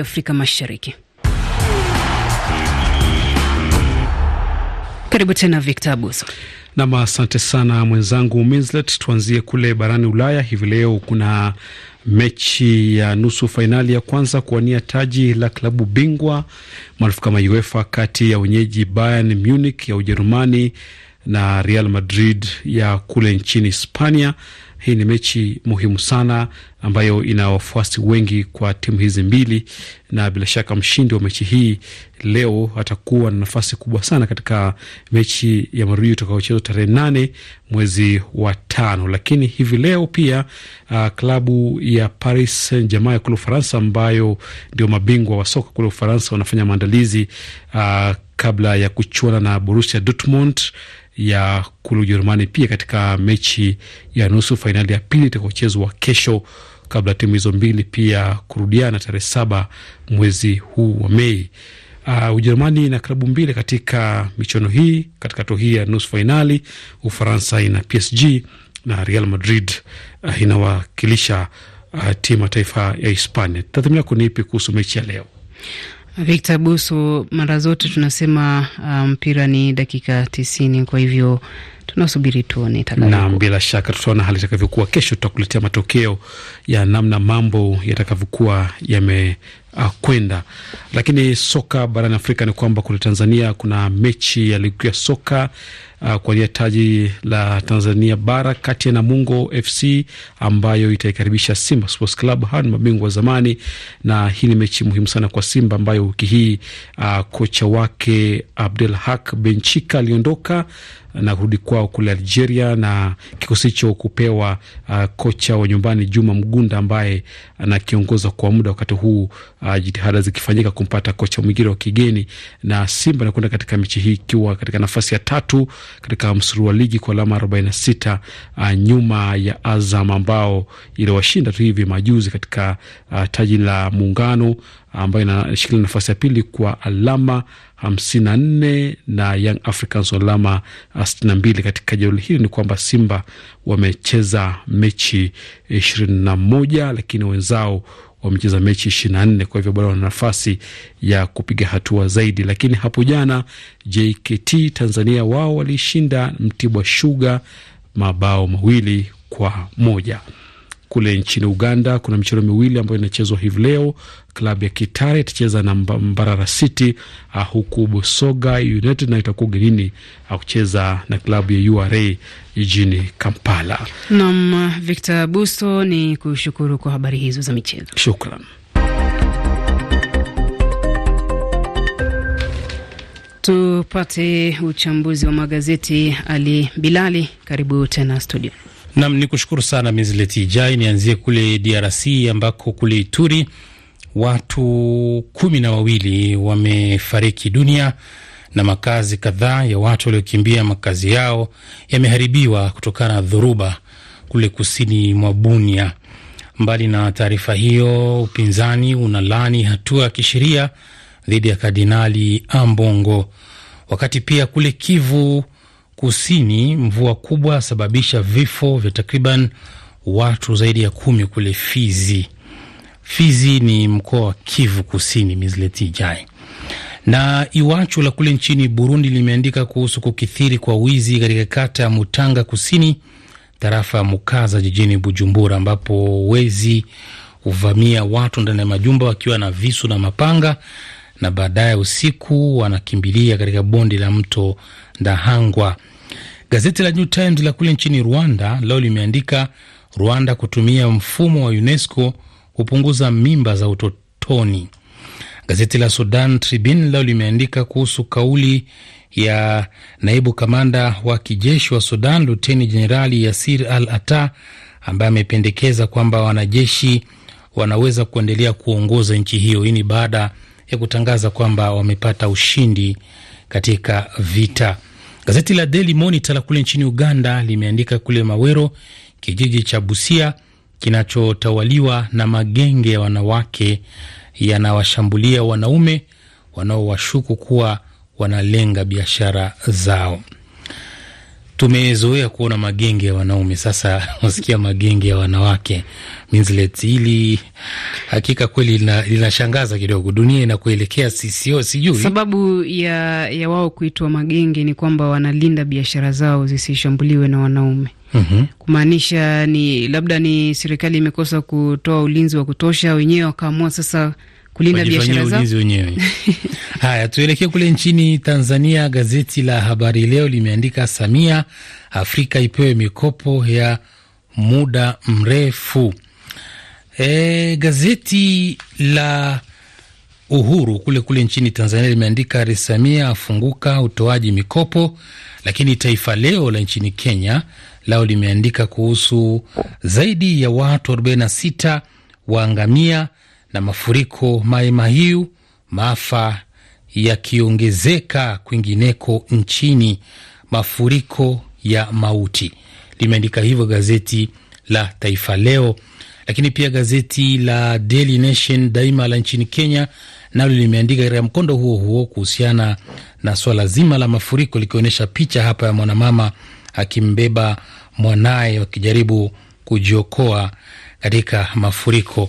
Afrika Mashariki. Karibu tena Victor Abuso. Nam, asante sana mwenzangu Minslet. Tuanzie kule barani Ulaya hivi leo, kuna mechi ya nusu fainali ya kwanza kuwania taji la klabu bingwa maarufu kama UEFA kati ya wenyeji Bayern Munich ya Ujerumani na Real Madrid ya kule nchini Hispania. Hii ni mechi muhimu sana ambayo ina wafuasi wengi kwa timu hizi mbili, na bila shaka mshindi wa mechi hii leo atakuwa na nafasi kubwa sana katika mechi ya marudio itakayochezwa tarehe nane mwezi wa tano. Lakini hivi leo pia uh, klabu ya Paris Saint Germain kule Ufaransa, ambayo ndio mabingwa wa soka kule Ufaransa, wanafanya maandalizi uh, kabla ya kuchuana na Borussia Dortmund ya kule Ujerumani, pia katika mechi ya nusu fainali ya pili itakayochezwa kesho kabla timu hizo mbili pia kurudiana tarehe saba mwezi huu wa Mei. Uh, Ujerumani ina klabu mbili katika michuano hii, katika hatua hii ya nusu fainali. Ufaransa ina PSG na Real Madrid uh, inawakilisha uh, timu ya taifa ya Hispania. Tathmini yako ni ipi kuhusu mechi ya leo? Victor Busu, mara zote tunasema uh, mpira um, ni dakika tisini, kwa hivyo tunasubiri tuone. Naam, bila shaka tutaona hali itakavyokuwa kesho. Tutakuletea matokeo ya namna mambo yatakavyokuwa yame Uh, kwenda lakini soka barani Afrika ni kwamba kule Tanzania kuna mechi ya ligi ya soka uh, kuwania taji la Tanzania bara kati ya Namungo FC ambayo itaikaribisha Simba Sports Club. Hawa ni mabingwa wa zamani, na hii ni mechi muhimu sana kwa Simba ambayo wiki hii uh, kocha wake abdul Hak Benchika aliondoka na kurudi kwao kule Algeria, na kikosi hicho kupewa uh, kocha wa nyumbani Juma Mgunda ambaye anakiongoza kwa muda, wakati huu uh, jitihada zikifanyika kumpata kocha mwingine wa kigeni. Na Simba anakwenda katika mechi hii ikiwa katika nafasi ya tatu katika msuru wa ligi kwa alama 46 uh, nyuma ya Azam ambao iliwashinda tu hivi majuzi katika uh, taji la Muungano ambayo inashikilia nafasi ya pili kwa alama 54 na Young Africans wana alama 62. Katika jeuli hili ni kwamba Simba wamecheza mechi 21 eh, lakini wenzao wamecheza mechi 24, kwa hivyo bado wana nafasi ya kupiga hatua zaidi. Lakini hapo jana JKT Tanzania wao walishinda Mtibwa Sugar mabao mawili kwa moja. Kule nchini Uganda kuna michezo miwili ambayo inachezwa hivi leo. Klabu ya Kitare itacheza na Mbarara City uh, huku Bosoga United na itakuwa ugenini uh, kucheza na klabu ya URA jijini Kampala. Nam Victor Buso, ni kushukuru kwa habari hizo za michezo, shukran. Tupate uchambuzi wa magazeti. Ali Bilali, karibu tena studio. Nam ni kushukuru sana Mizleti Jai. Nianzie kule DRC ambako kule Ituri watu kumi na wawili wamefariki dunia na makazi kadhaa ya watu waliokimbia makazi yao yameharibiwa kutokana na dhoruba kule kusini mwa Bunia. Mbali na taarifa hiyo, upinzani unalani hatua ya kisheria dhidi ya Kardinali Ambongo, wakati pia kule Kivu Kusini, mvua kubwa sababisha vifo vya takriban watu zaidi ya kumi kule Fizi. Fizi ni mkoa wa Kivu Kusini. Mizleti na Iwachu la kule nchini Burundi limeandika kuhusu kukithiri kwa wizi katika kata ya Mutanga Kusini, tarafa ya Mukaza jijini Bujumbura, ambapo wezi huvamia watu ndani ya majumba wakiwa na visu na mapanga na baadaye usiku wanakimbilia katika bonde la mto Ndahangwa. Gazeti la New Times la kule nchini Rwanda leo limeandika Rwanda kutumia mfumo wa UNESCO kupunguza mimba za utotoni. Gazeti la Sudan Tribune leo limeandika kuhusu kauli ya naibu kamanda wa kijeshi wa Sudan, Luteni Jenerali Yasir Al Ata, ambaye amependekeza kwamba wanajeshi wanaweza kuendelea kuongoza nchi hiyo. Hii ni baada ya kutangaza kwamba wamepata ushindi katika vita. Gazeti la Daily Monitor la kule nchini Uganda limeandika kule Mawero, kijiji cha Busia kinachotawaliwa na magenge ya wanawake yanawashambulia wanaume wanaowashuku kuwa wanalenga biashara zao. Tumezoea kuona magenge ya wanaume, sasa wasikia magenge ya wanawake minslet Hili hakika kweli linashangaza kidogo, dunia inakuelekea sisio, sijui sababu ya, ya wao kuitwa magenge ni kwamba wanalinda biashara zao zisishambuliwe na wanaume. Mm -hmm. Kumaanisha ni labda ni serikali imekosa kutoa ulinzi wa kutosha, wenyewe wakaamua sasa kulinda biashara zao wenyewe. Haya, tuelekee kule nchini Tanzania. Gazeti la Habari Leo limeandika Samia, Afrika ipewe mikopo ya muda mrefu. E, gazeti la Uhuru kule kule nchini Tanzania limeandika Rais Samia afunguka utoaji mikopo, lakini Taifa Leo la nchini Kenya lao limeandika kuhusu zaidi ya watu 46 waangamia na mafuriko mai maafa yakiongezeka kwingineko nchini, mafuriko ya mauti. Limeandika hivyo gazeti la Taifa Leo, lakini pia gazeti la Daily Nation daima la nchini Kenya nalo limeandika katika mkondo huo huo kuhusiana na swala zima la mafuriko, likionyesha picha hapa ya mwanamama akimbeba mwanaye wakijaribu kujiokoa katika mafuriko.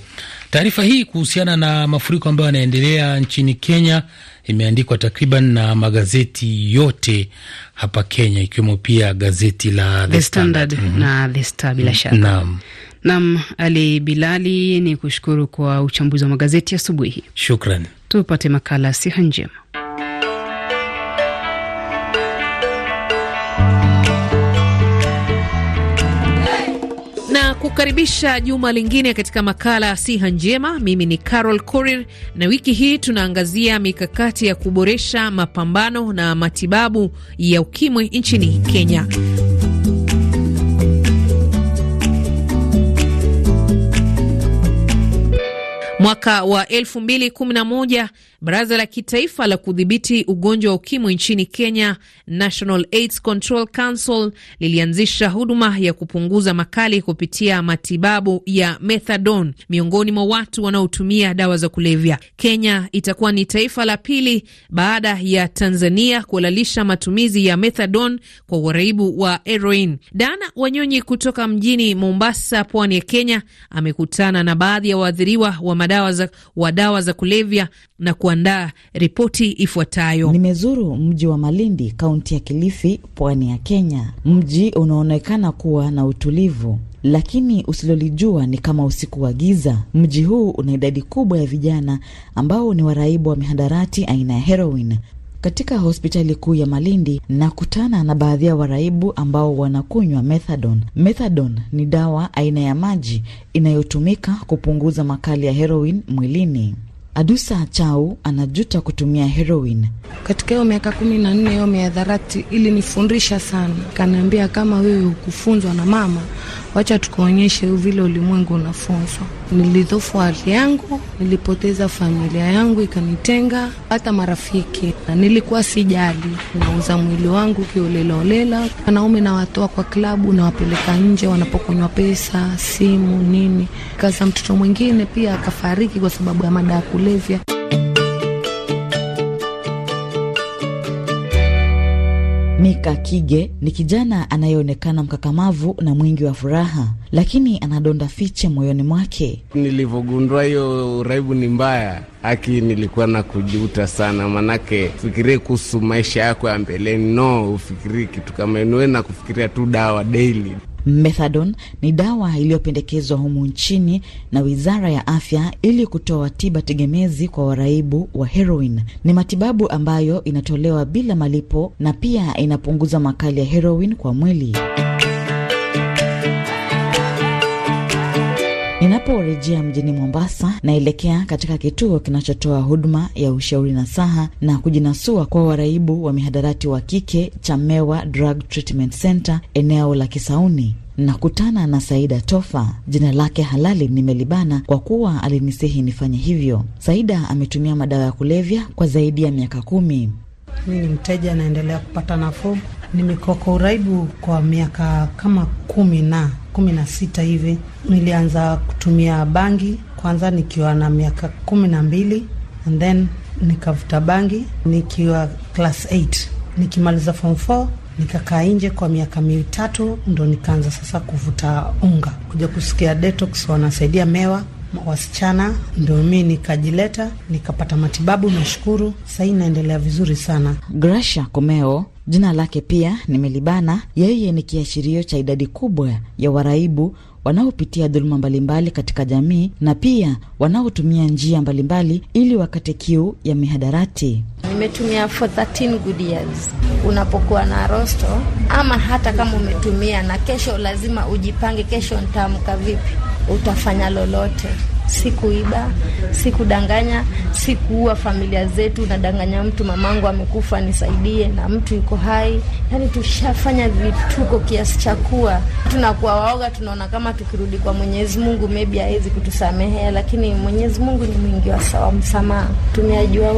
Taarifa hii kuhusiana na mafuriko ambayo yanaendelea nchini Kenya imeandikwa takriban na magazeti yote hapa Kenya, ikiwemo pia gazeti la The Standard, Standard. Mm -hmm. na The Star bila mhm. shaka. Naam. Naam, Ali Bilali, ni kushukuru kwa uchambuzi wa magazeti asubuhi Shukran. Tupate makala siha njema. kukaribisha juma lingine katika makala ya Siha Njema. Mimi ni Carol Korir, na wiki hii tunaangazia mikakati ya kuboresha mapambano na matibabu ya ukimwi nchini Kenya. Mwaka wa elfu mbili kumi na moja baraza la kitaifa la kudhibiti ugonjwa wa ukimwi nchini Kenya, National AIDS Control Council, lilianzisha huduma ya kupunguza makali kupitia matibabu ya methadone miongoni mwa watu wanaotumia dawa za kulevya. Kenya itakuwa ni taifa la pili baada ya Tanzania kuhalalisha matumizi ya methadone kwa uraibu wa heroin. Dana Wanyonyi kutoka mjini Mombasa, pwani ya Kenya, amekutana na baadhi ya waathiriwa wa dawa za, wa dawa za kulevya na kuandaa ripoti ifuatayo. Nimezuru mji wa Malindi, kaunti ya Kilifi, pwani ya Kenya. Mji unaonekana kuwa na utulivu lakini usilolijua ni kama usiku wa giza. Mji huu una idadi kubwa ya vijana ambao ni waraibu wa mihadarati aina ya heroin katika hospitali kuu ya Malindi na kutana na baadhi ya waraibu ambao wanakunywa methadone. Methadone ni dawa aina ya maji inayotumika kupunguza makali ya heroin mwilini. Adusa Chau anajuta kutumia heroin. Katika hiyo miaka kumi na nne hiyo miadharati ilinifundisha sana, kanaambia kama wewe hukufunzwa na mama wacha tukuonyeshe vile ulimwengu unafunzwa. Nilidhofu hali yangu, nilipoteza familia yangu ikanitenga, hata marafiki, na nilikuwa sijali, nauza mwili wangu kiolelaolela. Wanaume nawatoa kwa klabu, nawapeleka nje, wanapokonywa pesa, simu, nini. Kaza mtoto mwingine pia akafariki kwa sababu ya madawa ya kulevya. Mika Kige ni kijana anayeonekana mkakamavu na mwingi wa furaha, lakini anadonda fiche moyoni mwake. Nilivyogundua hiyo uraibu ni mbaya haki, nilikuwa na kujuta sana, manake fikirie kuhusu maisha yako ya mbeleni. No, ufikirie kitu kama inuwe na kufikiria tu dawa daily Methadone ni dawa iliyopendekezwa humu nchini na Wizara ya Afya ili kutoa tiba tegemezi kwa waraibu wa heroin. Ni matibabu ambayo inatolewa bila malipo na pia inapunguza makali ya heroin kwa mwili. Ninaporejea mjini Mombasa, naelekea katika kituo kinachotoa huduma ya ushauri na saha na kujinasua kwa waraibu wa mihadarati wa kike cha Mewa Drug Treatment Center eneo la Kisauni. Nakutana na Saida Tofa, jina lake halali nimelibana kwa kuwa alinisihi nifanye hivyo. Saida ametumia madawa ya kulevya kwa zaidi ya miaka kumi mi ni mteja anaendelea kupata nafuu. Nimekuwa kwa uraibu kwa miaka kama kumi na kumi na sita hivi. Nilianza kutumia bangi kwanza nikiwa na miaka kumi na mbili and then nikavuta bangi nikiwa class 8 nikimaliza form 4 nikakaa nje kwa miaka mitatu, ndo nikaanza sasa kuvuta unga, kuja kusikia detox wanasaidia mewa wasichana, ndio mi nikajileta nikapata matibabu. Nashukuru sahii inaendelea vizuri sana. grasha Komeo jina lake pia nimelibana. Yeye ni kiashirio cha idadi kubwa ya waraibu wanaopitia dhuluma mbalimbali katika jamii na pia wanaotumia njia mbalimbali ili wakate kiu ya mihadarati. Nimetumia for 13 good years. Unapokuwa na rosto ama hata kama umetumia na kesho, lazima ujipange, kesho ntaamka vipi utafanya lolote. Sikuiba, sikudanganya, sikuua familia zetu. Nadanganya mtu, mamangu amekufa nisaidie, na mtu yuko hai. Yani tushafanya vituko kiasi cha kuwa tunakuwa waoga, tunaona kama tukirudi kwa Mwenyezi Mungu maybe hawezi kutusamehea, lakini Mwenyezi Mungu ni mwingi wa sawa msamaha.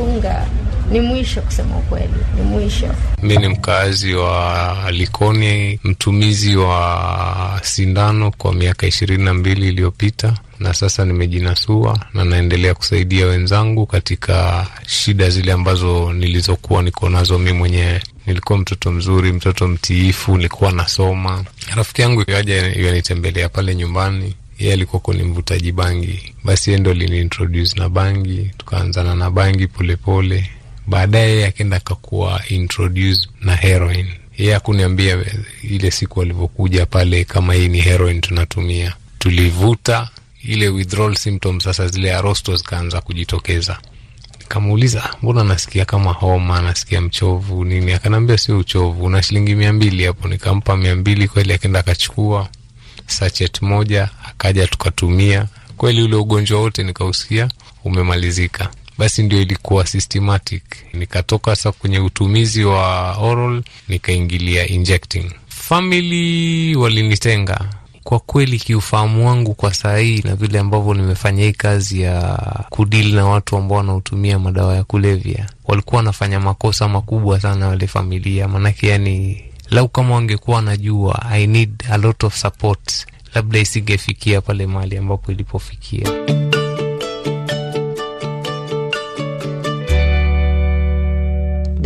unga ni mwisho, kusema ukweli, ni mwisho. Mi ni mkaazi wa Likoni, mtumizi wa sindano kwa miaka ishirini na mbili iliyopita na sasa nimejinasua na naendelea kusaidia wenzangu katika shida zile ambazo nilizokuwa niko nazo mi mwenyewe. Nilikuwa mtoto mzuri, mtoto mtiifu, nilikuwa nasoma. Rafiki yangu yaja yanitembelea pale nyumbani, yeye alikuwa kuni mvutaji bangi, basi yeye ndo na bangi, tukaanzana na bangi polepole pole. Baadaye akaenda akakuwa introduce na heroin. Yeye akuniambia ile siku alivyokuja pale kama hii ni heroin tunatumia. Tulivuta ile withdrawal symptoms, sasa zile arosto zikaanza kujitokeza. Kamuuliza, mbona nasikia kama homa, nasikia mchovu nini? Akaniambia sio uchovu, una shilingi mia mbili hapo. Nikampa mia mbili kweli, akenda akachukua sachet moja, akaja tukatumia kweli, ule ugonjwa wote nikausikia umemalizika basi ndio ilikuwa systematic. Nikatoka sasa kwenye utumizi wa oral nikaingilia injecting. Family walinitenga kwa kweli, kiufahamu wangu kwa saa hii na vile ambavyo nimefanya hii kazi ya kudili na watu ambao wanaotumia madawa ya kulevya, walikuwa wanafanya makosa makubwa sana wale familia, maanake yani lau kama wangekuwa wanajua I need a lot of support, labda isingefikia pale mahali ambapo ilipofikia.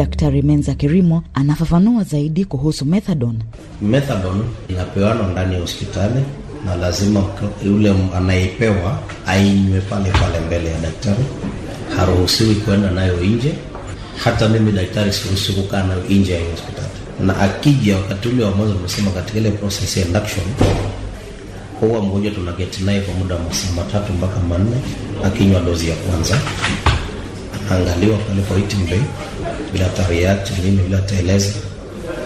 Daktari Menza Kirimo anafafanua zaidi kuhusu methadone. Methadone inapewanwa ndani ya hospitali na lazima yule anayepewa ainywe pale pale mbele ya daktari, haruhusiwi kuenda nayo nje. Hata mimi daktari siruhusi kukaa nayo nje ya hospitali, na akija wakati ule wa mwanzo, umesema katika ile process ya induction huwa mgonjwa tunaketi naye kwa muda wa masaa matatu mpaka manne, akinywa dozi ya kwanza, anaangaliwa pale kwa itimbe bila tariati nini bila telezi,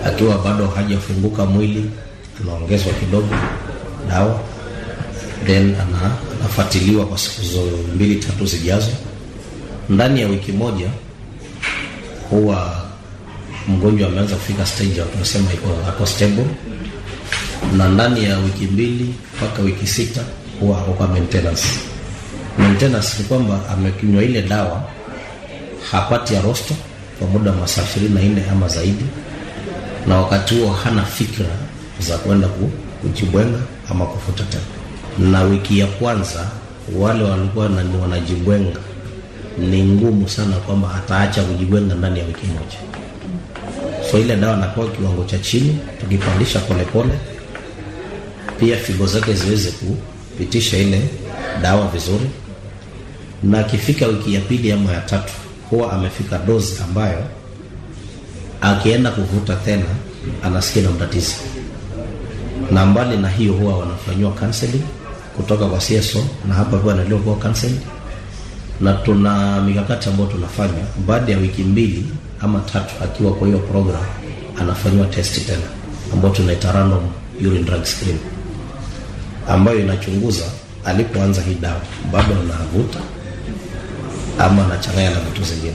akiwa bado hajafunguka mwili anaongezwa kidogo dawa, then ana, anafuatiliwa kwa siku mbili tatu zijazo. Ndani ya wiki moja huwa mgonjwa ameanza kufika stage ya tunasema iko stable, na ndani ya wiki mbili mpaka wiki sita huwa ako kwa maintenance. Maintenance ni kwamba amekunywa ile dawa hapati arosto kwa muda wa masaa 24 ama zaidi, na wakati huo hana fikra za kwenda kujibwenga ama kufuta tena. Na wiki ya kwanza wale walikuwa ni wanajibwenga, ni ngumu sana kwamba ataacha kujibwenga ndani ya wiki moja. So ile dawa anapewa kiwango cha chini, tukipandisha polepole pole, pia figo zake ziweze kupitisha ile dawa vizuri, na akifika wiki ya pili ama ya tatu huwa amefika dozi ambayo akienda kuvuta tena anasikia na mtatizi, na mbali na hiyo huwa wanafanyiwa counseling kutoka kwa CSO na hapa pia analio kwa counseling, na tuna mikakati ambayo tunafanya baada ya wiki mbili ama tatu, akiwa kwa hiyo program anafanyiwa test tena ambayo tunaita random urine drug screen ambayo inachunguza alipoanza hii dawa bado anavuta ama anachanganya na vitu zingine.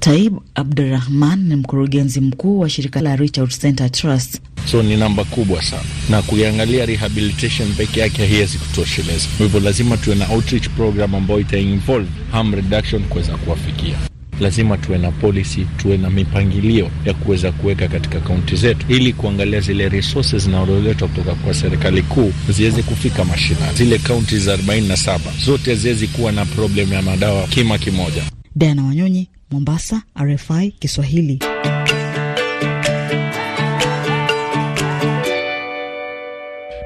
Taib Abdurahman ni mkurugenzi mkuu wa shirika la Richard Center Trust. So ni namba kubwa sana, na kuiangalia rehabilitation peke yake haiwezi kutosheleza. Kwa hivyo lazima tuwe na outreach program ambayo ita involve harm reduction kuweza kuwafikia lazima tuwe na policy, tuwe na mipangilio ya kuweza kuweka katika kaunti zetu, ili kuangalia zile resources zinazoletwa kutoka kwa serikali kuu ziweze kufika mashinani. Zile kaunti za 47 zote ziwezi kuwa na problem ya madawa kima kimoja. Diana Wanyonyi, Mombasa, RFI Kiswahili.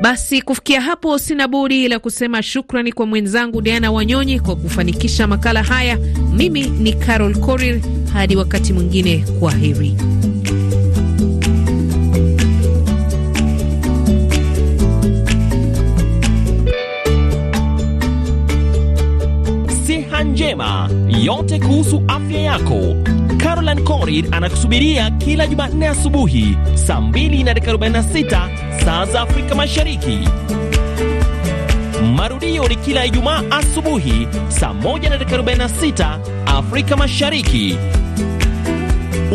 Basi kufikia hapo, sina budi la kusema shukrani kwa mwenzangu Diana Wanyonyi kwa kufanikisha makala haya. Mimi ni Carol Korir, hadi wakati mwingine, kwa heri. Siha njema, yote kuhusu afya yako. Caroline corir anakusubiria kila Jumanne asubuhi saa 2 na dakika 46 saa za Afrika Mashariki. Marudio ni kila Ijumaa asubuhi saa 1 na dakika 46 Afrika Mashariki.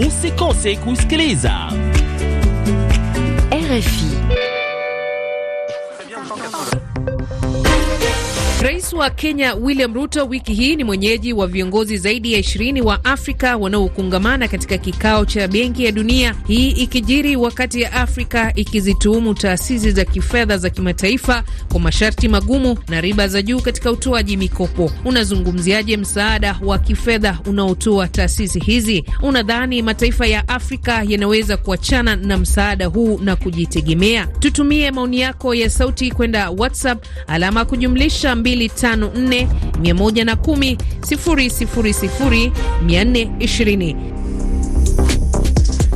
Usikose kusikiliza RFI. Rais wa Kenya William Ruto wiki hii ni mwenyeji wa viongozi zaidi ya ishirini wa Afrika wanaokungamana katika kikao cha Benki ya Dunia, hii ikijiri wakati ya Afrika ikizituhumu taasisi za kifedha za kimataifa kwa masharti magumu na riba za juu katika utoaji mikopo. Unazungumziaje msaada wa kifedha unaotoa taasisi hizi? Unadhani mataifa ya Afrika yanaweza kuachana na msaada huu na kujitegemea? Tutumie maoni yako ya sauti kwenda WhatsApp alama kujumlisha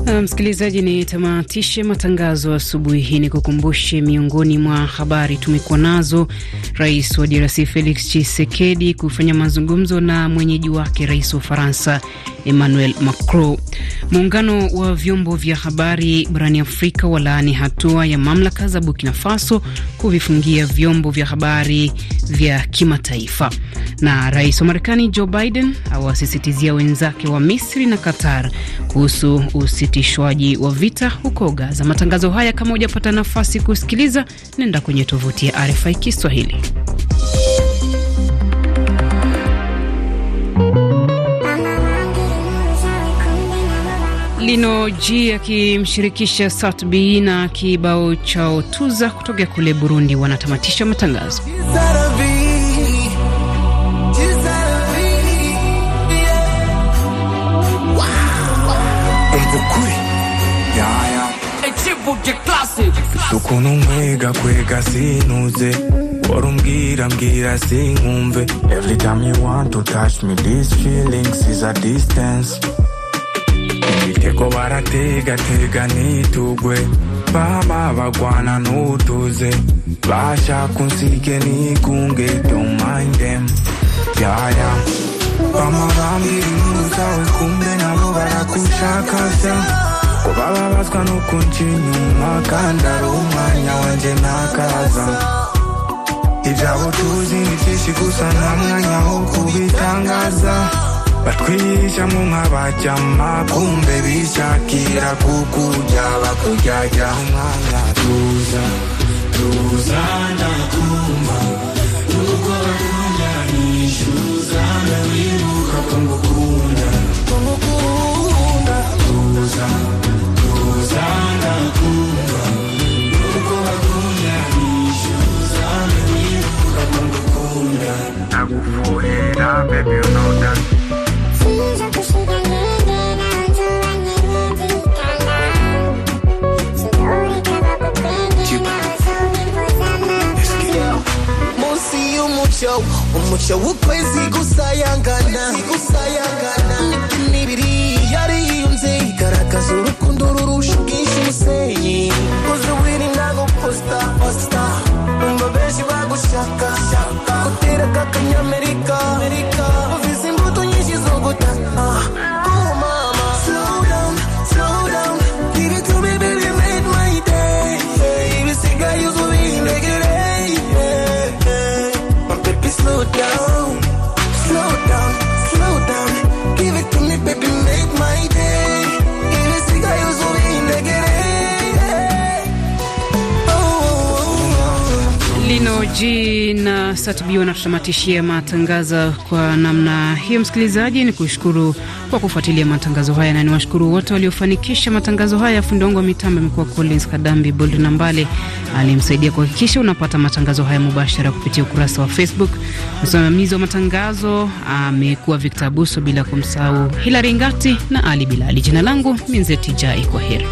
Uh, msikilizaji, ni tamatishe matangazo asubuhi hii, ni kukumbushe miongoni mwa habari tumekuwa nazo. Rais wa DRC Felix Tshisekedi kufanya mazungumzo na mwenyeji wake rais wa Ufaransa Emmanuel Macron. Muungano wa vyombo vya habari barani Afrika walaani hatua ya mamlaka za Burkina Faso kuvifungia vyombo vya habari vya kimataifa. Na rais wa Marekani Joe Biden awasisitizia wenzake wa Misri na Qatar kuhusu usitishwaji wa vita huko Gaza. Matangazo haya kama hujapata nafasi kusikiliza, nenda kwenye tovuti ya RFI Kiswahili. Lino G akimshirikisha Satbi na kibao chao tuza kutokea kule Burundi. Wanatamatisha matangazo ukuntu nkwega kwega sinuze warumbwira mbwira sinkumve every time you want to touch me these feelings is a distance teko barategatega nitugwe bama bagwana nutuze basha kunsike nikunge domaindem yaya bama bambiri nuzawe kumbe nabo barakushakasa kobaba baswa nukuncinyuma kandari umwanya wanje nakaza ivyabo tuzi nitishi kusa na mwanya wo kubitangaza batwisha mu nka bajyama kumbe bishakira kukurya bakuryarya umwanya tuza शाका, शाका। तेरा का कन्या मेरी का मेरी Kino G na Satbi wanatutamatishia matangazo kwa namna hiyo. Msikilizaji, ni kushukuru kwa kufuatilia matangazo haya na ni washukuru wote waliofanikisha matangazo haya. Fundi wangu wa mitambo amekuwa Collins Kadambi. Bold na Mbale alimsaidia kuhakikisha unapata matangazo haya mubashara kupitia ukurasa wa Facebook. Msimamizi wa matangazo amekuwa Victor Buso, bila kumsahau Hilari Ngati na Ali Bilali. Jina langu Minzeti Jai, kwa heri.